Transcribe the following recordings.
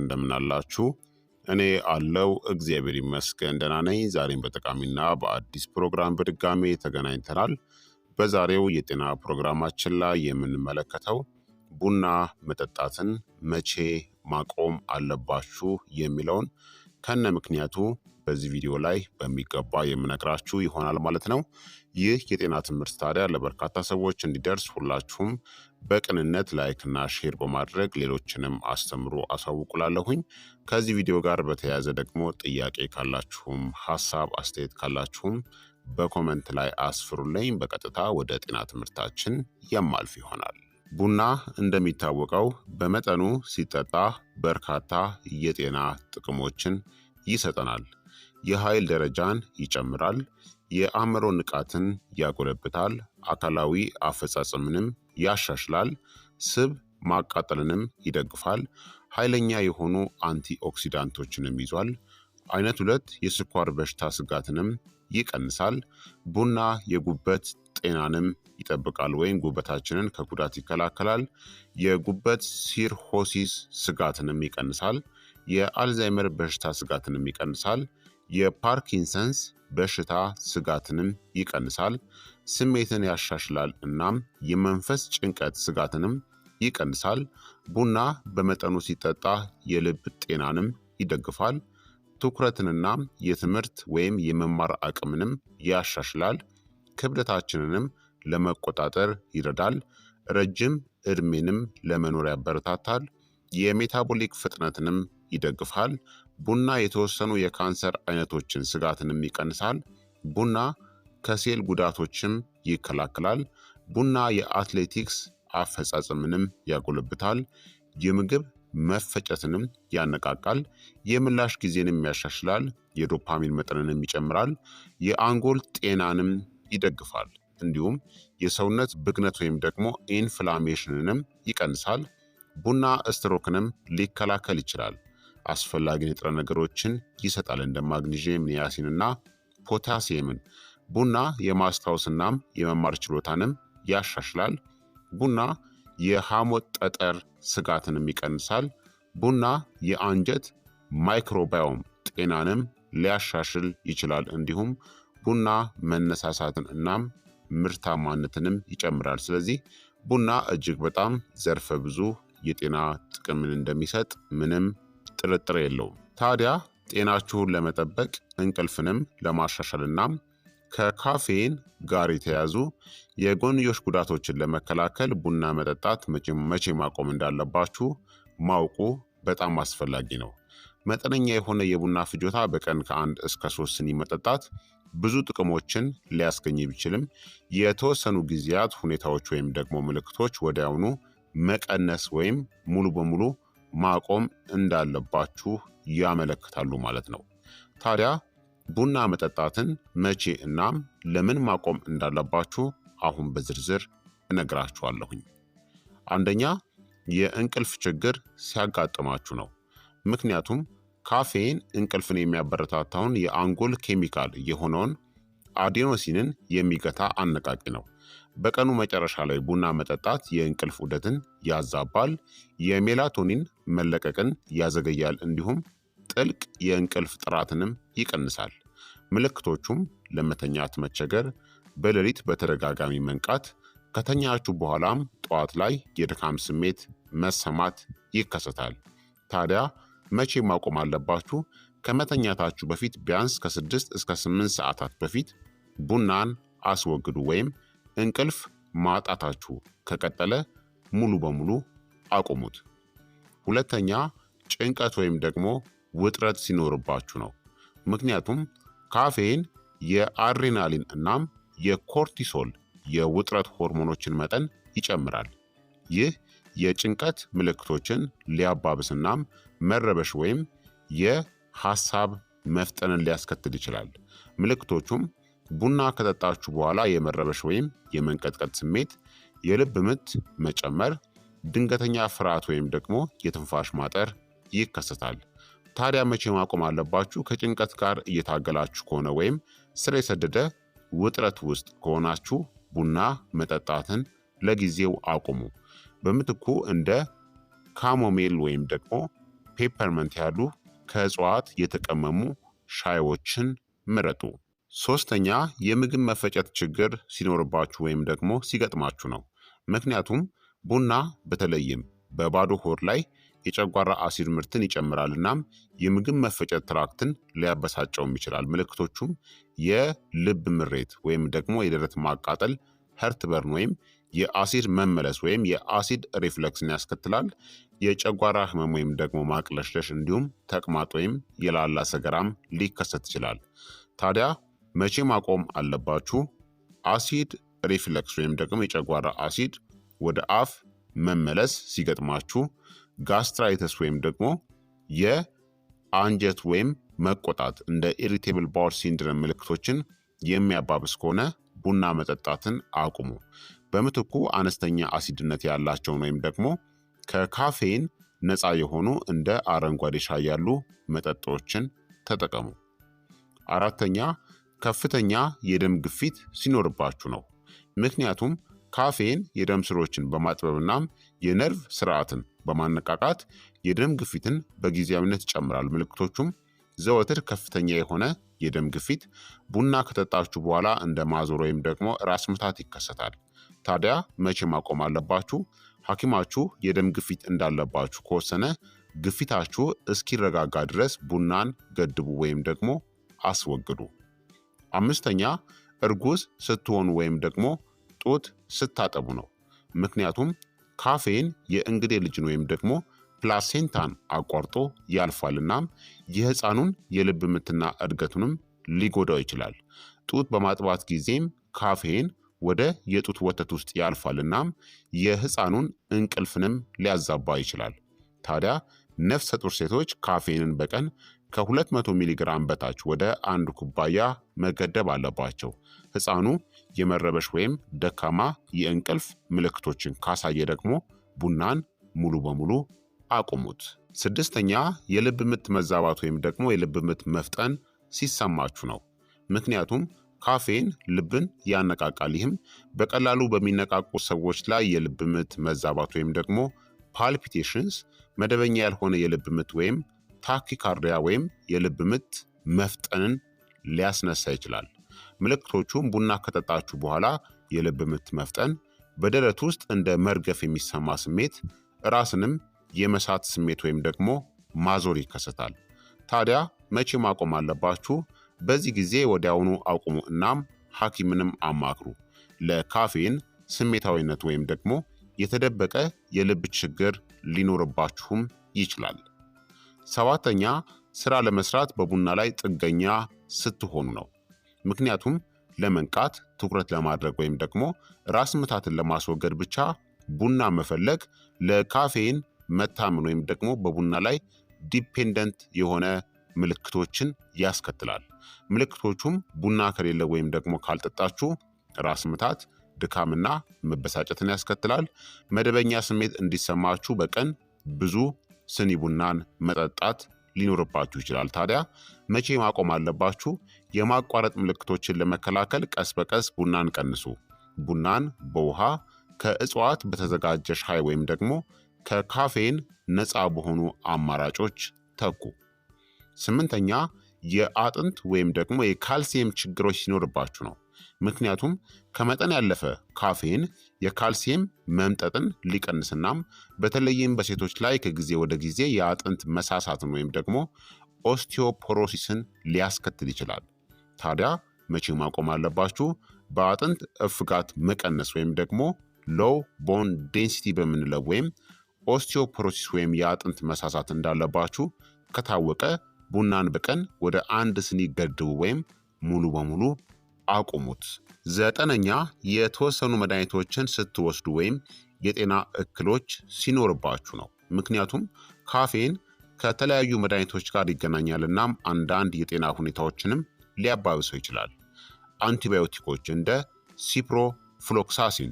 እንደምናላችሁ እኔ አለው እግዚአብሔር ይመስገን ደህና ነኝ። ዛሬም በጠቃሚና በአዲስ ፕሮግራም በድጋሜ ተገናኝተናል። በዛሬው የጤና ፕሮግራማችን ላይ የምንመለከተው ቡና መጠጣትን መቼ ማቆም አለባችሁ የሚለውን ከነ ምክንያቱ በዚህ ቪዲዮ ላይ በሚገባ የምነግራችሁ ይሆናል ማለት ነው። ይህ የጤና ትምህርት ታዲያ ለበርካታ ሰዎች እንዲደርስ ሁላችሁም በቅንነት ላይክና ሼር በማድረግ ሌሎችንም አስተምሩ አሳውቁላለሁኝ። ከዚህ ቪዲዮ ጋር በተያያዘ ደግሞ ጥያቄ ካላችሁም ሀሳብ አስተያየት ካላችሁም በኮመንት ላይ አስፍሩልኝ። በቀጥታ ወደ ጤና ትምህርታችን የማልፍ ይሆናል። ቡና እንደሚታወቀው በመጠኑ ሲጠጣ በርካታ የጤና ጥቅሞችን ይሰጠናል። የኃይል ደረጃን ይጨምራል። የአእምሮ ንቃትን ያጎለብታል፣ አካላዊ አፈጻጸምንም ያሻሽላል፣ ስብ ማቃጠልንም ይደግፋል፣ ኃይለኛ የሆኑ አንቲ ኦክሲዳንቶችንም ይዟል። አይነት ሁለት የስኳር በሽታ ስጋትንም ይቀንሳል። ቡና የጉበት ጤናንም ይጠብቃል ወይም ጉበታችንን ከጉዳት ይከላከላል። የጉበት ሲርሆሲስ ስጋትንም ይቀንሳል። የአልዛይመር በሽታ ስጋትንም ይቀንሳል። የፓርኪንሰንስ በሽታ ስጋትንም ይቀንሳል፣ ስሜትን ያሻሽላል። እናም የመንፈስ ጭንቀት ስጋትንም ይቀንሳል። ቡና በመጠኑ ሲጠጣ የልብ ጤናንም ይደግፋል፣ ትኩረትንና የትምህርት ወይም የመማር አቅምንም ያሻሽላል፣ ክብደታችንንም ለመቆጣጠር ይረዳል፣ ረጅም እድሜንም ለመኖር ያበረታታል፣ የሜታቦሊክ ፍጥነትንም ይደግፋል። ቡና የተወሰኑ የካንሰር አይነቶችን ስጋትንም ይቀንሳል። ቡና ከሴል ጉዳቶችም ይከላከላል። ቡና የአትሌቲክስ አፈጻጸምንም ያጎለብታል። የምግብ መፈጨትንም ያነቃቃል። የምላሽ ጊዜንም ያሻሽላል። የዶፓሚን መጠንንም ይጨምራል። የአንጎል ጤናንም ይደግፋል። እንዲሁም የሰውነት ብግነት ወይም ደግሞ ኢንፍላሜሽንንም ይቀንሳል። ቡና ስትሮክንም ሊከላከል ይችላል። አስፈላጊ ንጥረ ነገሮችን ይሰጣል እንደ ማግኒዥየም፣ ኒያሲንና ፖታሲየምን። ቡና የማስታወስናም የመማር ችሎታንም ያሻሽላል። ቡና የሐሞት ጠጠር ስጋትንም ይቀንሳል። ቡና የአንጀት ማይክሮባዮም ጤናንም ሊያሻሽል ይችላል። እንዲሁም ቡና መነሳሳትን እናም ምርታማነትንም ይጨምራል። ስለዚህ ቡና እጅግ በጣም ዘርፈ ብዙ የጤና ጥቅምን እንደሚሰጥ ምንም ጥርጥር የለውም። ታዲያ ጤናችሁን ለመጠበቅ እንቅልፍንም ለማሻሻልና ከካፌን ጋር የተያዙ የጎንዮሽ ጉዳቶችን ለመከላከል ቡና መጠጣት መቼ ማቆም እንዳለባችሁ ማውቁ በጣም አስፈላጊ ነው። መጠነኛ የሆነ የቡና ፍጆታ በቀን ከአንድ እስከ ሶስት ስኒ መጠጣት ብዙ ጥቅሞችን ሊያስገኝ ቢችልም የተወሰኑ ጊዜያት፣ ሁኔታዎች ወይም ደግሞ ምልክቶች ወዲያውኑ መቀነስ ወይም ሙሉ በሙሉ ማቆም እንዳለባችሁ ያመለክታሉ ማለት ነው። ታዲያ ቡና መጠጣትን መቼ እናም ለምን ማቆም እንዳለባችሁ አሁን በዝርዝር እነግራችኋለሁኝ። አንደኛ የእንቅልፍ ችግር ሲያጋጥማችሁ ነው። ምክንያቱም ካፌን እንቅልፍን የሚያበረታታውን የአንጎል ኬሚካል የሆነውን አዴኖሲንን የሚገታ አነቃቂ ነው። በቀኑ መጨረሻ ላይ ቡና መጠጣት የእንቅልፍ ውደትን ያዛባል፣ የሜላቶኒን መለቀቅን ያዘገያል፣ እንዲሁም ጥልቅ የእንቅልፍ ጥራትንም ይቀንሳል። ምልክቶቹም ለመተኛት መቸገር፣ በሌሊት በተደጋጋሚ መንቃት፣ ከተኛችሁ በኋላም ጠዋት ላይ የድካም ስሜት መሰማት ይከሰታል። ታዲያ መቼ ማቆም አለባችሁ? ከመተኛታችሁ በፊት ቢያንስ ከ6 እስከ 8 ሰዓታት በፊት ቡናን አስወግዱ ወይም እንቅልፍ ማጣታችሁ ከቀጠለ ሙሉ በሙሉ አቁሙት። ሁለተኛ ጭንቀት ወይም ደግሞ ውጥረት ሲኖርባችሁ ነው። ምክንያቱም ካፌን የአድሬናሊን እናም የኮርቲሶል የውጥረት ሆርሞኖችን መጠን ይጨምራል። ይህ የጭንቀት ምልክቶችን ሊያባብስናም መረበሽ ወይም የሐሳብ መፍጠንን ሊያስከትል ይችላል። ምልክቶቹም ቡና ከጠጣችሁ በኋላ የመረበሽ ወይም የመንቀጥቀጥ ስሜት፣ የልብ ምት መጨመር፣ ድንገተኛ ፍርሃት ወይም ደግሞ የትንፋሽ ማጠር ይከሰታል። ታዲያ መቼ ማቆም አለባችሁ? ከጭንቀት ጋር እየታገላችሁ ከሆነ ወይም ስር የሰደደ ውጥረት ውስጥ ከሆናችሁ ቡና መጠጣትን ለጊዜው አቁሙ። በምትኩ እንደ ካሞሜል ወይም ደግሞ ፔፐርመንት ያሉ ከእጽዋት የተቀመሙ ሻዮችን ምረጡ። ሶስተኛ የምግብ መፈጨት ችግር ሲኖርባችሁ ወይም ደግሞ ሲገጥማችሁ ነው። ምክንያቱም ቡና በተለይም በባዶ ሆድ ላይ የጨጓራ አሲድ ምርትን ይጨምራል እናም የምግብ መፈጨት ትራክትን ሊያበሳጨውም ይችላል። ምልክቶቹም የልብ ምሬት ወይም ደግሞ የደረት ማቃጠል፣ ሄርት በርን ወይም የአሲድ መመለስ ወይም የአሲድ ሪፍለክስን ያስከትላል። የጨጓራ ህመም ወይም ደግሞ ማቅለሽለሽ፣ እንዲሁም ተቅማጥ ወይም የላላ ሰገራም ሊከሰት ይችላል። ታዲያ መቼ ማቆም አለባችሁ? አሲድ ሪፍለክስ ወይም ደግሞ የጨጓራ አሲድ ወደ አፍ መመለስ ሲገጥማችሁ፣ ጋስትራይተስ ወይም ደግሞ የአንጀት ወይም መቆጣት እንደ ኢሪቴብል ባወል ሲንድረም ምልክቶችን የሚያባብስ ከሆነ ቡና መጠጣትን አቁሙ። በምትኩ አነስተኛ አሲድነት ያላቸውን ወይም ደግሞ ከካፌን ነፃ የሆኑ እንደ አረንጓዴ ሻይ ያሉ መጠጦችን ተጠቀሙ። አራተኛ ከፍተኛ የደም ግፊት ሲኖርባችሁ ነው። ምክንያቱም ካፌን የደም ስሮችን በማጥበብናም የነርቭ ስርዓትን በማነቃቃት የደም ግፊትን በጊዜያዊነት ይጨምራል። ምልክቶቹም ዘወትር ከፍተኛ የሆነ የደም ግፊት፣ ቡና ከጠጣችሁ በኋላ እንደ ማዞር ወይም ደግሞ ራስ ምታት ይከሰታል። ታዲያ መቼ ማቆም አለባችሁ? ሐኪማችሁ የደም ግፊት እንዳለባችሁ ከወሰነ ግፊታችሁ እስኪረጋጋ ድረስ ቡናን ገድቡ ወይም ደግሞ አስወግዱ። አምስተኛ እርጉዝ ስትሆኑ ወይም ደግሞ ጡት ስታጠቡ ነው። ምክንያቱም ካፌን የእንግዴ ልጅን ወይም ደግሞ ፕላሴንታን አቋርጦ ያልፋል እናም የህፃኑን የልብ ምትና እድገቱንም ሊጎዳው ይችላል። ጡት በማጥባት ጊዜም ካፌን ወደ የጡት ወተት ውስጥ ያልፋል እናም የህፃኑን እንቅልፍንም ሊያዛባ ይችላል። ታዲያ ነፍሰ ጡር ሴቶች ካፌንን በቀን ከ200 ሚሊግራም በታች ወደ አንድ ኩባያ መገደብ አለባቸው። ሕፃኑ የመረበሽ ወይም ደካማ የእንቅልፍ ምልክቶችን ካሳየ ደግሞ ቡናን ሙሉ በሙሉ አቁሙት። ስድስተኛ የልብ ምት መዛባት ወይም ደግሞ የልብ ምት መፍጠን ሲሰማችሁ ነው። ምክንያቱም ካፌን ልብን ያነቃቃል። ይህም በቀላሉ በሚነቃቁ ሰዎች ላይ የልብ ምት መዛባት ወይም ደግሞ ፓልፒቴሽንስ፣ መደበኛ ያልሆነ የልብ ምት ወይም ታኪካርዲያ ወይም የልብ ምት መፍጠንን ሊያስነሳ ይችላል። ምልክቶቹም ቡና ከጠጣችሁ በኋላ የልብ ምት መፍጠን፣ በደረት ውስጥ እንደ መርገፍ የሚሰማ ስሜት፣ ራስንም የመሳት ስሜት ወይም ደግሞ ማዞር ይከሰታል። ታዲያ መቼ ማቆም አለባችሁ? በዚህ ጊዜ ወዲያውኑ አቁሙ፣ እናም ሐኪምንም አማክሩ። ለካፌን ስሜታዊነት ወይም ደግሞ የተደበቀ የልብ ችግር ሊኖርባችሁም ይችላል። ሰባተኛ ስራ ለመስራት በቡና ላይ ጥገኛ ስትሆኑ ነው። ምክንያቱም ለመንቃት ትኩረት ለማድረግ ወይም ደግሞ ራስ ምታትን ለማስወገድ ብቻ ቡና መፈለግ ለካፌን መታመን ወይም ደግሞ በቡና ላይ ዲፔንደንት የሆነ ምልክቶችን ያስከትላል። ምልክቶቹም ቡና ከሌለ ወይም ደግሞ ካልጠጣችሁ ራስ ምታት፣ ድካምና መበሳጨትን ያስከትላል። መደበኛ ስሜት እንዲሰማችሁ በቀን ብዙ ስኒ ቡናን መጠጣት ሊኖርባችሁ ይችላል። ታዲያ መቼ ማቆም አለባችሁ? የማቋረጥ ምልክቶችን ለመከላከል ቀስ በቀስ ቡናን ቀንሱ። ቡናን በውሃ ከእጽዋት በተዘጋጀ ሻይ ወይም ደግሞ ከካፌን ነፃ በሆኑ አማራጮች ተኩ። ስምንተኛ የአጥንት ወይም ደግሞ የካልሲየም ችግሮች ሲኖርባችሁ ነው። ምክንያቱም ከመጠን ያለፈ ካፌን የካልሲየም መምጠጥን ሊቀንስናም በተለይም በሴቶች ላይ ከጊዜ ወደ ጊዜ የአጥንት መሳሳትን ወይም ደግሞ ኦስቲዮፖሮሲስን ሊያስከትል ይችላል። ታዲያ መቼ ማቆም አለባችሁ? በአጥንት እፍጋት መቀነስ ወይም ደግሞ ሎው ቦን ዴንሲቲ በምንለው ወይም ኦስቲዮፖሮሲስ ወይም የአጥንት መሳሳት እንዳለባችሁ ከታወቀ ቡናን በቀን ወደ አንድ ስኒ ገድቡ ወይም ሙሉ በሙሉ አቁሙት። ዘጠነኛ የተወሰኑ መድኃኒቶችን ስትወስዱ ወይም የጤና እክሎች ሲኖርባችሁ ነው። ምክንያቱም ካፌን ከተለያዩ መድኃኒቶች ጋር ይገናኛል እናም አንዳንድ የጤና ሁኔታዎችንም ሊያባብሰው ይችላል። አንቲባዮቲኮች እንደ ሲፕሮፍሎክሳሲን፣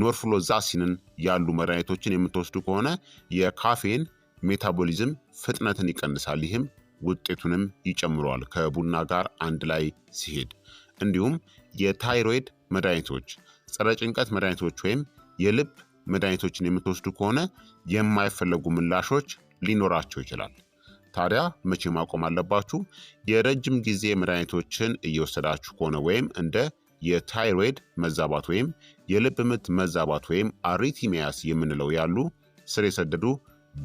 ኖርፍሎዛሲንን ያሉ መድኃኒቶችን የምትወስዱ ከሆነ የካፌን ሜታቦሊዝም ፍጥነትን ይቀንሳል። ይህም ውጤቱንም ይጨምረዋል ከቡና ጋር አንድ ላይ ሲሄድ እንዲሁም የታይሮይድ መድኃኒቶች፣ ጸረ ጭንቀት መድኃኒቶች ወይም የልብ መድኃኒቶችን የምትወስዱ ከሆነ የማይፈለጉ ምላሾች ሊኖራቸው ይችላል። ታዲያ መቼ ማቆም አለባችሁ? የረጅም ጊዜ መድኃኒቶችን እየወሰዳችሁ ከሆነ ወይም እንደ የታይሮይድ መዛባት ወይም የልብ ምት መዛባት ወይም አሪቲሚያስ የምንለው ያሉ ስር የሰደዱ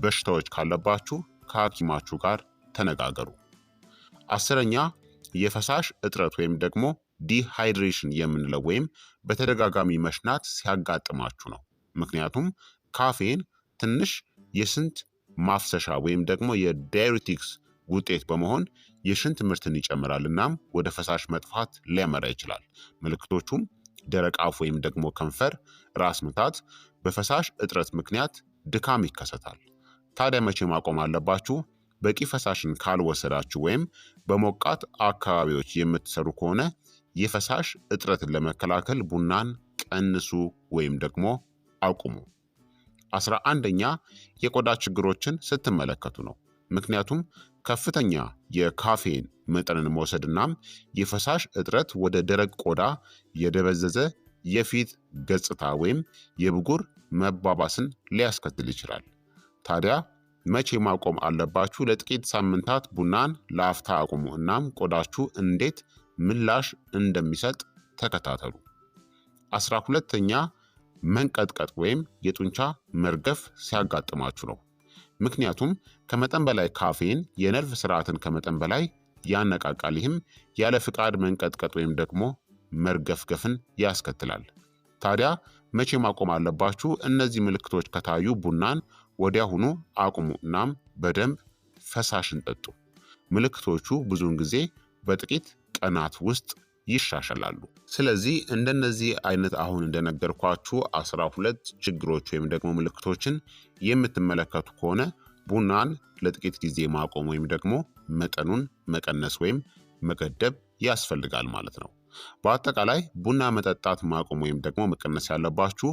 በሽታዎች ካለባችሁ ከሐኪማችሁ ጋር ተነጋገሩ። አስረኛ የፈሳሽ እጥረት ወይም ደግሞ ዲሃይድሬሽን የምንለው ወይም በተደጋጋሚ መሽናት ሲያጋጥማችሁ ነው። ምክንያቱም ካፌን ትንሽ የሽንት ማፍሰሻ ወይም ደግሞ የዳዩሪቲክስ ውጤት በመሆን የሽንት ምርትን ይጨምራል፣ እናም ወደ ፈሳሽ መጥፋት ሊያመራ ይችላል። ምልክቶቹም ደረቅ አፍ ወይም ደግሞ ከንፈር፣ ራስ ምታት፣ በፈሳሽ እጥረት ምክንያት ድካም ይከሰታል። ታዲያ መቼ ማቆም አለባችሁ? በቂ ፈሳሽን ካልወሰዳችሁ ወይም በሞቃት አካባቢዎች የምትሰሩ ከሆነ የፈሳሽ እጥረትን ለመከላከል ቡናን ቀንሱ ወይም ደግሞ አቁሙ። አስራ አንደኛ የቆዳ ችግሮችን ስትመለከቱ ነው። ምክንያቱም ከፍተኛ የካፌን መጠንን መውሰድናም የፈሳሽ እጥረት ወደ ደረቅ ቆዳ የደበዘዘ የፊት ገጽታ ወይም የብጉር መባባስን ሊያስከትል ይችላል። ታዲያ መቼ ማቆም አለባችሁ? ለጥቂት ሳምንታት ቡናን ለአፍታ አቁሙ። እናም ቆዳችሁ እንዴት ምላሽ እንደሚሰጥ ተከታተሉ። አስራ ሁለተኛ መንቀጥቀጥ ወይም የጡንቻ መርገፍ ሲያጋጥማችሁ ነው። ምክንያቱም ከመጠን በላይ ካፌን የነርቭ ስርዓትን ከመጠን በላይ ያነቃቃል። ይህም ያለ ፍቃድ መንቀጥቀጥ ወይም ደግሞ መርገፍገፍን ያስከትላል። ታዲያ መቼ ማቆም አለባችሁ? እነዚህ ምልክቶች ከታዩ ቡናን ወዲያሁኑ አቁሙ። እናም በደንብ ፈሳሽን ጠጡ። ምልክቶቹ ብዙውን ጊዜ በጥቂት ቀናት ውስጥ ይሻሻላሉ። ስለዚህ እንደነዚህ አይነት አሁን እንደነገርኳችሁ አስራ ሁለት ችግሮች ወይም ደግሞ ምልክቶችን የምትመለከቱ ከሆነ ቡናን ለጥቂት ጊዜ ማቆም ወይም ደግሞ መጠኑን መቀነስ ወይም መገደብ ያስፈልጋል ማለት ነው። በአጠቃላይ ቡና መጠጣት ማቆም ወይም ደግሞ መቀነስ ያለባችሁ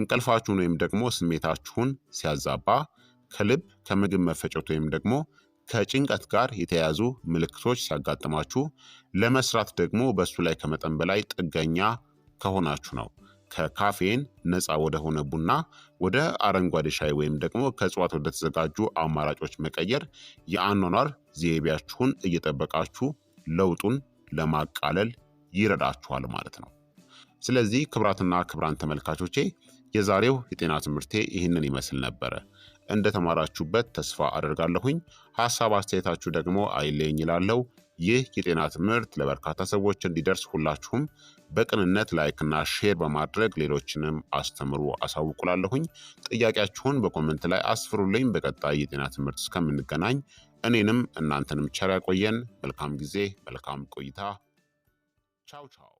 እንቅልፋችሁን ወይም ደግሞ ስሜታችሁን ሲያዛባ፣ ከልብ ከምግብ መፈጨት ወይም ደግሞ ከጭንቀት ጋር የተያያዙ ምልክቶች ሲያጋጥማችሁ፣ ለመስራት ደግሞ በእሱ ላይ ከመጠን በላይ ጥገኛ ከሆናችሁ ነው። ከካፌን ነፃ ወደሆነ ቡና፣ ወደ አረንጓዴ ሻይ ወይም ደግሞ ከእጽዋት ወደተዘጋጁ አማራጮች መቀየር የአኗኗር ዘይቤያችሁን እየጠበቃችሁ ለውጡን ለማቃለል ይረዳችኋል ማለት ነው። ስለዚህ ክብራትና ክብራን ተመልካቾቼ የዛሬው የጤና ትምህርቴ ይህንን ይመስል ነበረ። እንደተማራችሁበት ተስፋ አደርጋለሁኝ። ሀሳብ አስተያየታችሁ ደግሞ አይለኝ ይላለው። ይህ የጤና ትምህርት ለበርካታ ሰዎች እንዲደርስ ሁላችሁም በቅንነት ላይክና ሼር በማድረግ ሌሎችንም አስተምሩ፣ አሳውቁላለሁኝ። ጥያቄያችሁን በኮመንት ላይ አስፍሩልኝ። በቀጣይ የጤና ትምህርት እስከምንገናኝ እኔንም እናንተንም ቸር ያቆየን። መልካም ጊዜ፣ መልካም ቆይታ። ቻው ቻው።